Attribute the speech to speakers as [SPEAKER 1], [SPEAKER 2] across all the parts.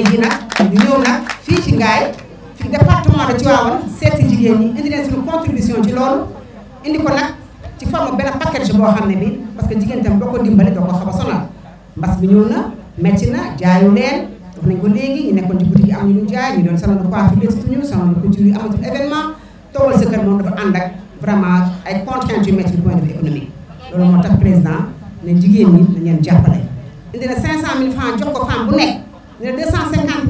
[SPEAKER 1] léegi nag ñu ñëw nag fii ci Ngaye fi département de Tivaouane seet si jigéen ñi indi leen suñu contribution ci loolu indi ko nag ci forme benn package boo xam ne bi parce que jigéen tam boo ko dimbale doo ko xaw a sonal mbas bi ñëw na metti na jaayu leen nañ ko léegi ñu nekkoon ci boutique yi am ñu jaay ñu doon salon de coiffure bi surtout salon de couture yi amatul événement toogal sa kër moom dafa ànd ak vraiment ay contraintes yu métti du point de loolu moo tax président ne jigéen ñi dañ leen jàppale indi na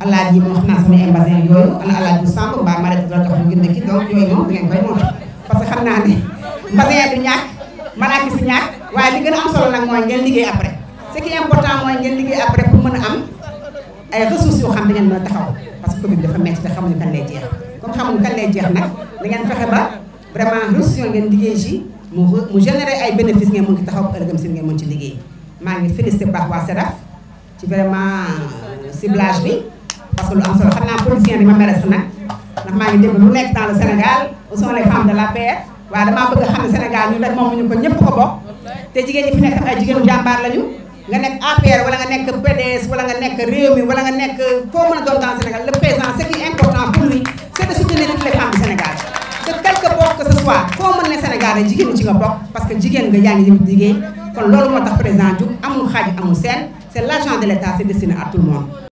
[SPEAKER 1] alaaji moom xam naa sama embassy ak yooyu ana alaaji Samb mbaa Marie Dula tax mu génn ki donc oh, yooyu moom dangeen koy moom oh. parce que xam naa ne mbasin du ñàkk maraaki si ñàkk waaye li gën am solo nag mooy ngeen liggéey après ce qui est important mooy ngeen liggéey après pour mën a am ay ressources yoo xam da ngeen mën taxaw parce que Covid dafa metti te xamuñu kan lay jeex comme xamuñu kan lay jeex nag da ngeen fexe ba vraiment ressources ngeen liggéey ci mu mu généré ay bénéfices ngeen mën ci taxaw ëllëgam si ngeen mën ci liggéey maa ngi félicité bu baax waa ci vraiment ciblage bi parce que lu am solo xam naa politicien bi ma mere sax nag ndax maa ngi dégg lu nekk dans le Sénégal où sont les femmes de la paix waaye damaa bëgg a xam ne Sénégal ñu rek ñu ko ñëpp ko bokk te jigéen ñi fi nekk ay jigéenu jàmbaar lañu nga nekk APR wala nga nekk PDS wala nga nekk réew mi wala nga nekk foo mën a doon dans le Sénégal le président ce qui est important pour lui c' est de soutenir toutes les femmes du Sénégal de quelque bokk que ce soit foo mën ne Sénégal rek jigéen ci nga bokk parce que jigéen nga yaa ngi liggéey kon loolu moo tax président ju amul xaaj amul seen c' est l' argent de l' état c' est destiné à tout le monde